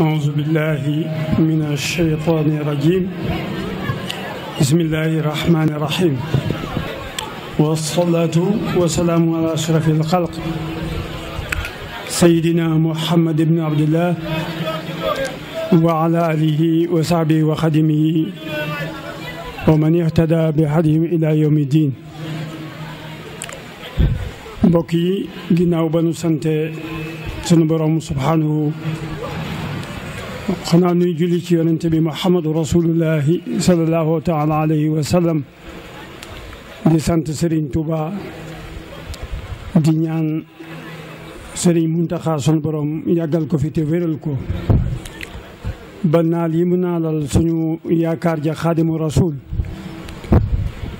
أعوذ بالله من الشيطان الرجيم بسم الله الرحمن الرحيم والصلاة والسلام على أشرف الخلق سيدنا محمد بن عبد الله وعلى آله وصحبه وخدمه ومن اهتدى بهديهم إلى يوم الدين بوكي yi ginnaaw سنتي nu سبحانه xanaa nuy julli ci yonente bi muhammadu rasulullahi salallahu taala alayhi wa sallam di sant Serigne Touba di ñaan Serigne Muntaxa sunu borom yàggal ko fi te wéral ko ba naal yi mu naalal suñu yaakaar ja xaadimu rasul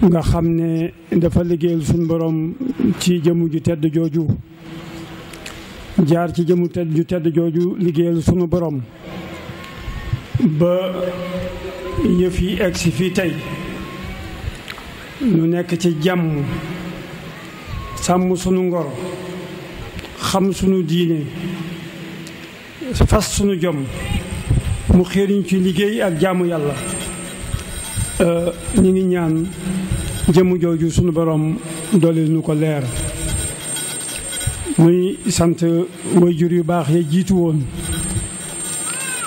nga xam ne dafa liggéeyal suñu borom ci jëmu ju tedd jooju jaar ci jëmu ju tedd jooju liggéeyal sunu borom ba yëf yi egsi fii tey ñu nekk ci jàmm sàmm sunu ngor xam sunu diine fas sunu jom mu xëriñ ci liggéey ak jàmm yàlla ñu ngi ñaan jëmm jooju sunu borom doole nu ko leer muy sant wayjur yu baax ya jiitu woon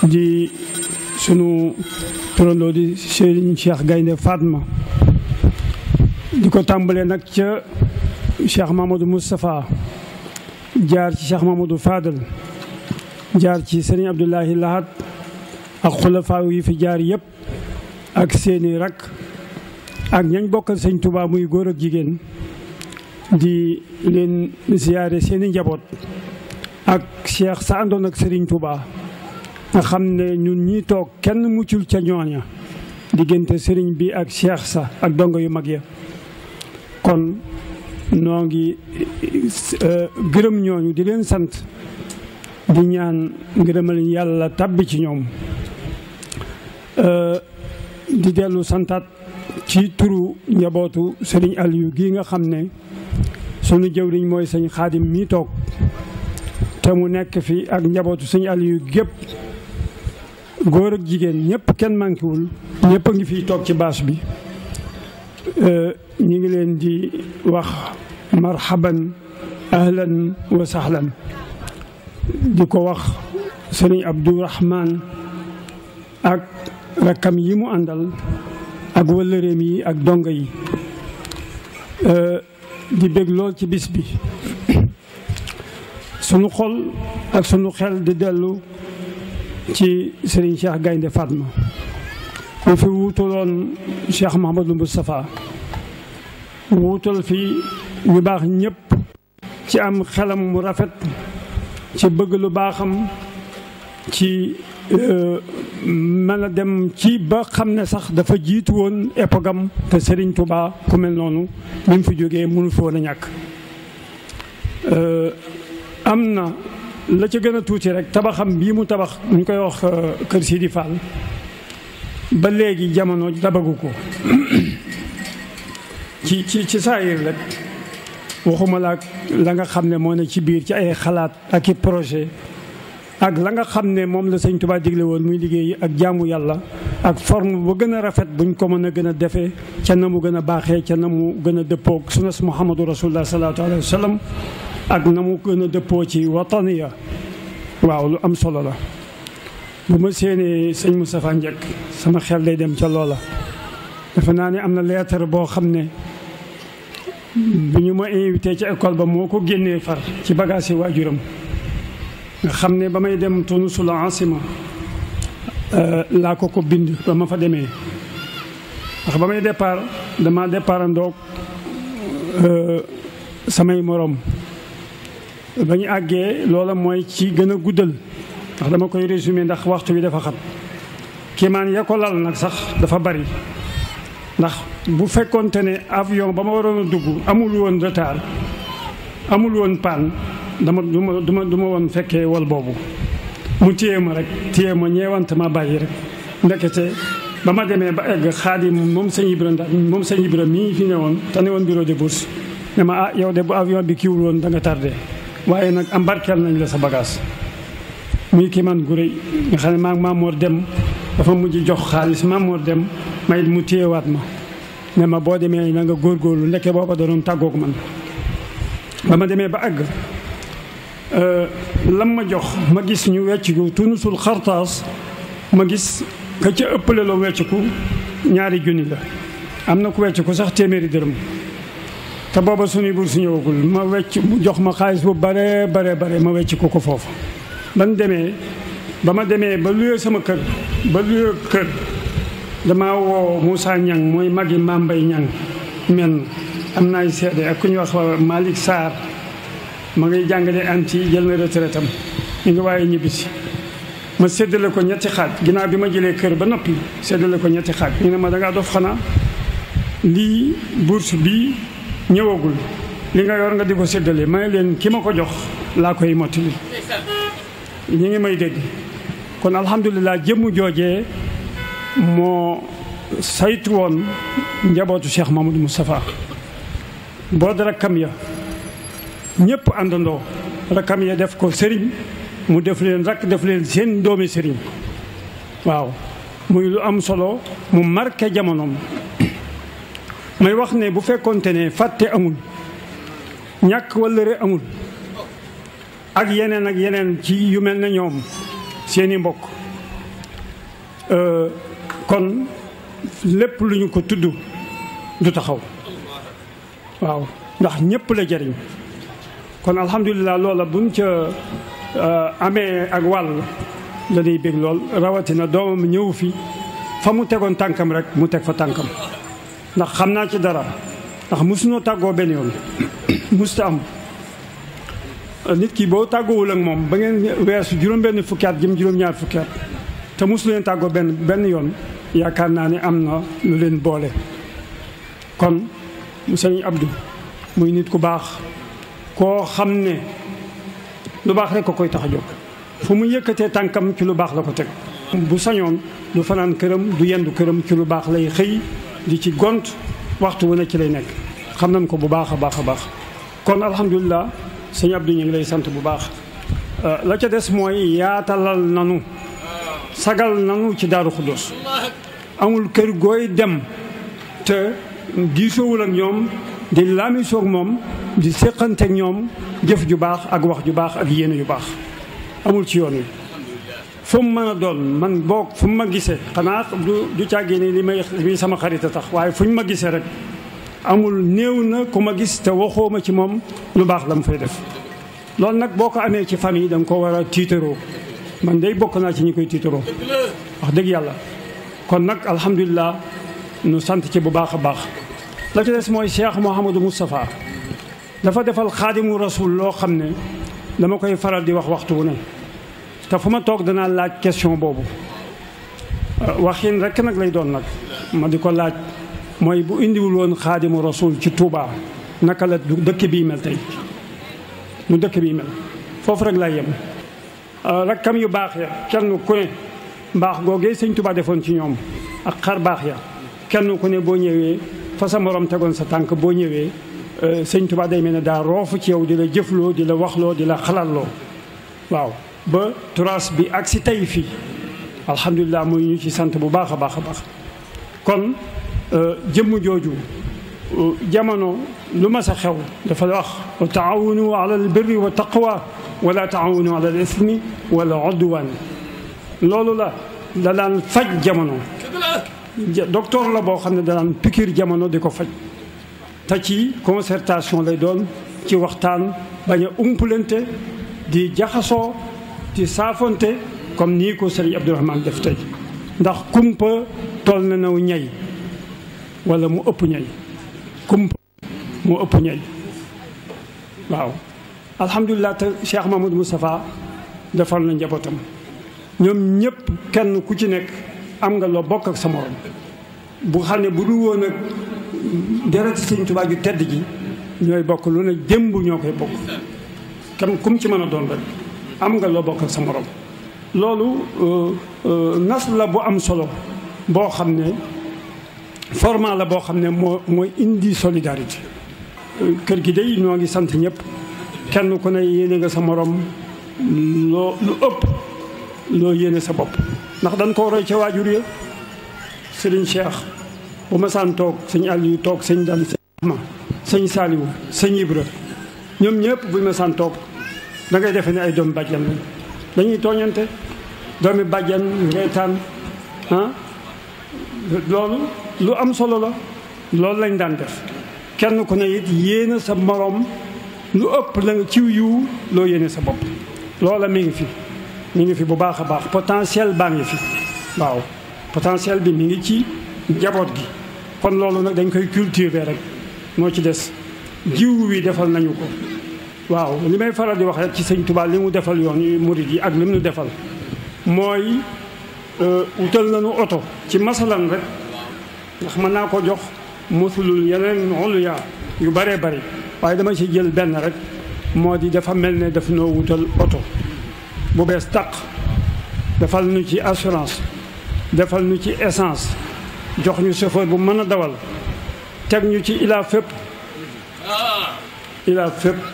di sunu turandoo di Serigne Cheikh Gaynde Fatma di ko tàmbalee nag ca Cheikh Mamadou Moustapha jaar ci Cheikh Mamadou Fadal jaar ci Serigne Abdoulahi Lahat ak xulafaaw yi fi jaar yépp ak seeni rak ak ñañ bokkal sëñ Touba muy góor ak jigéen di leen ziyaare seeni njaboot ak Cheikh sa àndoon ak Serigne Touba xamne ne ñun ñi tok kenn muccul ca ñooña digënte sëriñ bi ak cheikh sa ak dongo yu mag ya kon noongi ngi euh, gërëm ñooñu di leen sant di ñaan ngërëmal yalla tàbbi ci ñoom euh, di delu santat ci turu njabootu sëriñ Aliou gi nga xamne ne sunu jëwriñ moy sëriñ khadim mi tok te mu nekk fi ak njabootu sëñ Aliou gep góor ak jigéen ñëpp kenn mànkiwul ñëpp a ngi fiy toog ci baas bi euh, ñu ngi leen di wax marhaban ahlan wa sahlan di ko wax sëriñ Abdourahman ak rakkam yi mu àndal ak wëllëreem yi ak dongo yi euh, di bég lool ci bis bi sunu xol ak sunu xel di dellu ci sëriñ Cheikh Gaynde Fatma mu fi wuutaloon Cheikh Mahamadou Moustapha wuutal fi ñu baax ñépp ci am xelam mu rafet ci bëgg lu baaxam ci euh, mën a dem ci ba xam ne sax dafa jiitu woon epogam te Serigne Touba ku mel noonu bi mu fi jógee mënu foon a ñàkk euh, am na la ca gën a tuuti rek tabaxam bii mu tabax ñu koy wax euh, kër di Fall ba léegi jamono dabagu ko ci ci ci saayir rek waxuma la la nga xam ne moo ne ci biir ci ay xalaat ak i projet ak la nga xam ne moom la sëñ Tuubaa digle woon muy liggéey ak jaamu yàlla ak form bu gën a rafet buñ ko mën a gën a defee ca na mu gën a baaxee ca na mu gën a dëppoog sunas Muhammadu Rasulullah sallallahu alayhi wa sallam ak na mu gën a dëppoo ci wataniya waaw lu am solo la bu ma séenee sëñ Moustapha Njëkk sama xel day dem ca loola dafa naa ni am na leetar boo xam ne bu ñu ma invité ci école ba moo ko génnee far ci bagage yi waajuram nga xam ne ba may dem Tunusul asima euh, laa ko ko bind ba ma fa demee ndax ba may départ dama départandoog euh, samay morom ba ñu àggee loola mooy ci gën a guddal ndax dama koy résumé ndax waxtu wi dafa xam kéemaan ya ko lal nag sax dafa bari ndax bu fekkonte ne avion ba ma waroon a dugg amul woon retard amul woon paan dama duma duma du ma woon fekkee wal boobu mu téye ma rek téye ma ñeewante ma bàyyi rek ndekete ba ma demee ba egg xaadim moom sëñ Ibra ndax moom sëñ Ibra mii fi ne woon te ne woon bureau de bourse ne ah yow de bu avion bi kiiwul woon danga nga tardé waaye nag ambarkeel nañ la sa bagage muy kii man gu rëy nga xam ne maa Maamoor dem dafa mujj jox xaalis Maamoor dem mayit mu téyewaat ma ne ma boo demee na nga góorgóorlu ndekke booba da doon tàggoog man ba ma demee ba àgg euh, lam ma jox ma gis ñu wecciku tunusul xartaas ma gis ka ca ëppale loo ñaari junni la am na ku wecciku sax téeméeri dërëm te booba su bur si ñëwagul ma wecc mu jox ma xaalis bu bare bare bare ma wecc ko ko foofu ban demee ba ma demee ba luyee sama kër ba luyee kër dama woo Moussa Niang mooy magi Mambay Niang men am naay seede ak ku ñu wax Malick Sarr ma ngi jàngale anti jël na retraite am ñu ngi waaye ñibbisi ma seddale ko ñetti xaaj ginnaaw bi ma jëlee kër ba noppi séddale ko ñetti xaaj ñu ne ma da dof xanaa lii bourse bii ñëwagul li nga yor nga di ko séddale may leen ki ma ko jox laa koy mottali ñi ngi may dégg kon alhamdulilah jëmm joojee moo saytu woon njabootu Cheikh Mamadou Moustapha boo da rakkam ya ñëpp àndandoo rakkam ya def ko sëriñ mu def leen rakk def leen seen doomi sëriñ waaw muy lu am solo mu marqué jamonoom may wax ne bu fekkoonte ne fàtte amul ñàkk wëllëre amul ak yeneen ak yeneen ci yu mel na ñoom seeni mbokk euh, kon lépp lu ñu ko tudd du taxaw waaw ndax ñépp la jariñ kon alhamdulilah loola buñ ca euh, amee ak wàll dañuy bég lool rawatina doomam ñëw fi fa mu tegoon tànkam rek mu teg fa tànkam نخ خمنا چه دارا نخ موسنو تا گو بینی ول موستام نیت کی بو تا گو ولنگ مام بگن ویاس جرم بینی فکر گیم جرم یار فکر تا موسنو تا گو بین بینی ول یا کنانی امنا نلین باله کن موسنی عبدو موی نیت کو باخ کو خمنه لو باخ رکو کوی تا خیوک فمو یک تا تنکم کلو باخ لکو تک بوسانیون لو فنان کرم دویان دو کرم کلو باخ لی خی di ci gont waxtu wu ne ci lay nekk xam nañ ko bu baax a baax a baax kon alhamdulilah sëñ Abdou ñu ngi lay sant bu baax euh, la ca des mooy yaatalal nanu sagal nanu ci daaru xuddos amul kër gooy dem te diisoowul ak ñoom di laamisoog moom di séqanteeg ñoom jëf ju baax ak wax ju baax ak yéene yu baax amul ci yoon wi fu mu mën a doon man boog fu mu ma gisee xanaa du du càggee ni li may li sama xarit a tax waaye fu ñu ma gisee rek amul néew na ku ma gis te waxoo ma ci moom lu baax la mu fay def loolu nag boo ko amee ci famille da nga ko war a tiitaroo man day bokk naa ci ñi koy tiitaroo wax dëgg yàlla kon nag alhamdulilah nu sant ci bu baax a baax la ci des mooy Cheikh Mouhamadou Moustapha dafa defal xaadimu rasul loo xam ne dama koy faral di wax waxtu wu ne te fu ma toog danaa laaj question boobu waxin rekk nag lay doon nag ma di ko laaj mooy bu indiwul woon xaadimu rasul ci tuubaa naka la du dëkk bii mel tey nu dëkk bii mel foofu rek lay yem euh, rakkam yu baax ya kenn ku ne mbaax googee sëñ Touba defoon ci ñoom ak xar baax ya kenn ku ne boo ñëwee fa sa morom tegoon sa tànk boo ñëwee euh, sëñ Touba day mel ne daa roofu ci yow di la jëfloo di la waxloo di la xalaatloo waaw ba turaas bi ak ci tay fi alhamdulilah moy ñu ci sante bu baaxa baaxa baax a baax kon jëmm jooju jamono lu ma sa xew dafa wax taawunu ala al birri wa taqwa wa la taawunu ala al ismi al udwan lolu la da lan faj jamono docteur la bo xamne da lan pikir jamono diko ko faj te ci concertation lay doon ci waxtan baña umpulente di jaxaso ci saafonte comme nii ko sëriñ Abdourahmane def tey ndax kumpa toll na naw ñay walla mu ëpp ñay kumpa mu ëpp ñay waaw alhamdulilah te Cheikh Mahmoud Moustapha na njabootam ñoom ñëpp kenn ku ci nekk am nga loo bokk ak sa morom bu xam ne bu du woon ak deret Sëriñ Tuubaa ju tedd ji ñooy bokk lu ne démb ñoo koy bokk kam kum ci mën a doon rek am nga loo bokk sa moroom loolu euh, euh, nas la bu am solo boo xam ne format la boo xam ne moo mooy indi solidarité kër gi day ñoo ngi sant ñëpp kenn ko ne yéene nga sa moroom loo lu ëpp loo yéene sa bopp ndax dañ ko roy ca waajur ya sëriñ Cheikh bu ma saan toog sëñ Aliou toog sëñ Dan sëñ Ahma sëñ Saliou ñoom ñëpp bu ma toog da ngay defee ne ay doomi bàjjan lañ dañuy tooñante doomi bàjjan ngeetaan ah loolu lu am solo la loolu lañ daan def kenn ku ne it yéene sa moroom lu ëpp la nga ciw yiw loo yéene sa bopp loola mi ngi fi mu ngi fi bu baax a baax potentiel baa ngi fi waaw potentiel bi mi ngi ci jaboot gi kon loolu nag dañ koy cultiver rek moo ci des jiw wi defal nañu ko waaw li may faral di wax rek ci sëñ Touba li mu defal yoon yu murid yi ak li mu defal mooy wutal nañu oto ci masalan rek ndax mën naa jox mosulul yeneen oluya yu bëree bëri waaye dama ci jël benn rek moo dafa mel daf noo wutal oto bu bees tàq defal nu ci assurance defal nu ci essence jox ñu chauffeur bu mën dawal teg ñu ci ilaa fépp ilaa fépp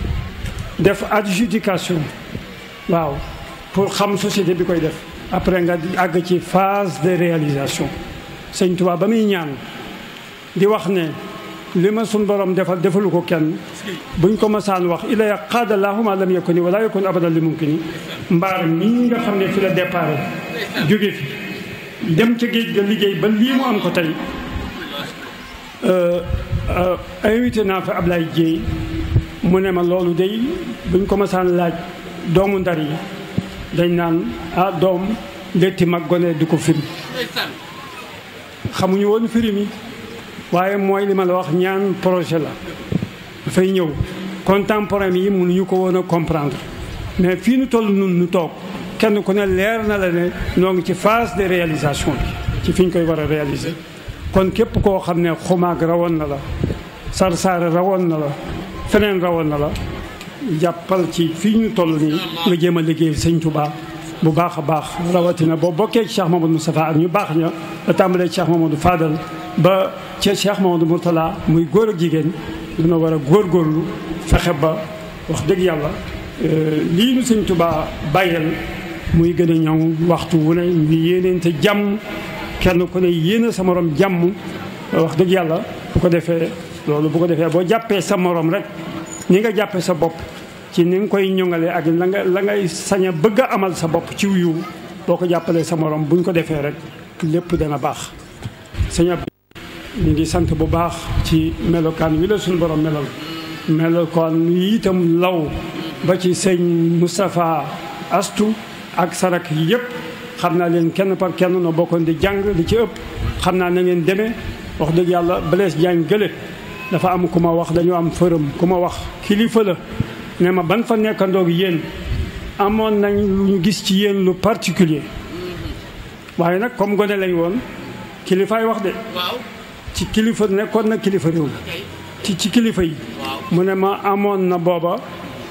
def adjudication waaw pour xam société bi koy def après nga àgg ci phase de réalisation sëñ Tuubaa ba muy ñaan di wax ne li ma sun borom defal defalu ko kenn buñ ko masaan wax ilaya qaadalaahuma lam yakuni wala yakun abadan li mumkini mbaar mii nga xam ne fi la déparé jóge fi dem ca géej ga liggéey ba lii mu am ko tey euh, euh, invité naa ab lay Dieye mu ne ma loolu day buñ ko masaan laaj doomu ndar yi dañ naan ah doom létti mag gone du ko firi xamuñu woon firi mi waaye mooy li ma la wax ñaan projet la dafay ñëw contemporain yi mënuñu ko woon a comprendre mais fii nu toll nun nu toog kenn ku ne leer na la ne noo ngi ci phase de réalisation bi ci fi ñu koy war a réaliser kon képp koo xam ne xumaag rawoon na la rawoon na la feneen rawoon na la jàppal ci fii ñu toll nii nga jéem a liggéey sëñ Touba bu baax a baax rawatina boo bokkee ci Cheikh Mamadou Moustapha ak ñu baax ña ba tàmbalee Cheikh Mamadou faadal ba ca Cheikh Mamadou Mourtala muy góor a jigéen dina war a góor góorlu fexe ba wax dëgg yàlla euh, lii nu sëñ Touba bàyyel muy gën a ñaw waxtu wu ne ñu yéeneente jàmm kenn ku ne yéene sa morom jàmm wax dëgg yàlla bu ko defee lolu bu ko defé bo jappé sa morom rek ni nga jappé sa bop ci ni nga koy ñoŋalee ak la nga la ngay saña bëgg amal sa bop ci wuyu boko jappalé sa morom buñ ko defé rek lepp dana bax sëñ ab ñu ngi bu bax ci melokan wi la sun borom melal melokan ni itam law ba ci sëñ Mustafa Astu, ak sarak yépp xamna len kenn par kenn no bokon di jang li ci ëpp xamna na ngeen démé wax deug yalla bless jang gele dafa am ku ma wax dañu am fërëm ku ma wax kilifa la ne ma ban fa nekkandoog yéen amoon nañ lu ñu gis ci yéen lu particulier waaye nag comme gone lañ woon kilifaay wax de ci kilifa nekkoon na kilifa réew ci ci kilifa yi mu ne ma amoon na booba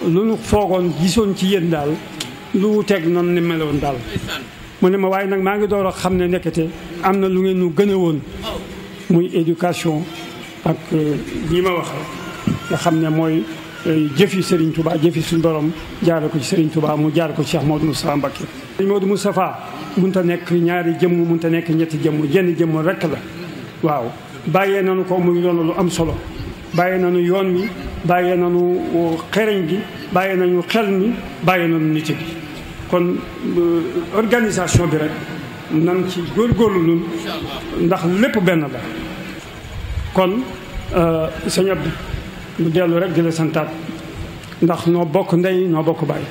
lu nu foogoon gisoon ci yéen daal lu wuteeg noonu ni meloon daal mu ne ma waaye nag maa ngi door a xam ne nekkete am na lu ngeen nu gën a woon oh. muy éducation ak euh, ñi ma wax nga xam ne mooy jëf euh, jëfi Serigne Touba jëfi suñu borom jaare ko ci Serigne Touba mu jaare ko ci Cheikh Maodo Moustapha Mbacké. Serigne Maodo Moustapha mun ta nekk ñaari jëmm mun ta nekk ñetti jëmm jenn jëmm rek la waaw bàyyee nañu ko muy doon lu am solo bàyyee nañu yoon mi bàyyee na nañu euh, xereñ gi bàyyee nañu xel mi bàyyee nañu nit bi kon organisation bi rek nan ci góor góorlu ndax lépp benn la kon euh, sëñ Abdou mu dellu rek di la santaat ndax noo bokk ndey noo bokk baay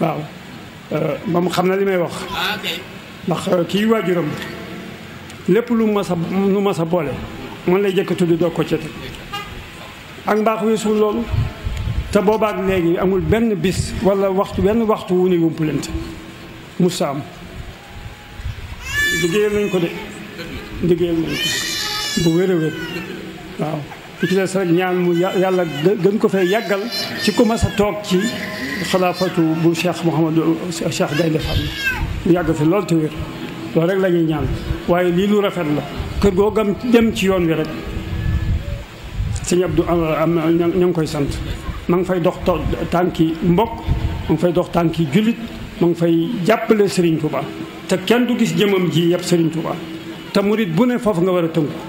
waaw euh, moom xam na li may wax ah, ndax euh, kii waajuram lépp lu mas a lu mas a boole man lay jëkk tudd doo ko cete ak mbaax weesul loolu te boobaak léegi amul benn bis wala waxtu benn waxtu wu ni wumpulante mu saam liggéeyal nañ ko de liggéeyal nañ ko bu wér a wér waaw li ci des rek ñaan mu yàlla gën ko fay yàggal ci ku mas toog ci xalaafatu bu Cheikh Mouhamadou Cheikh Gaynde Fatma mu yàgg fi loolu te wér loolu rek la ñaan waaye lii lu rafet la kër goo gam dem ci yoon wi rek sëñ Abdou am ña ngi koy sant ma ngi fay dox tànki mbokk ma ngi fay dox tànki jullit ma ngi fay jàppale Serigne Touba te kenn du gis jëmam ji yëpp sëriñ Touba te murit bu ne foofu nga war a tënku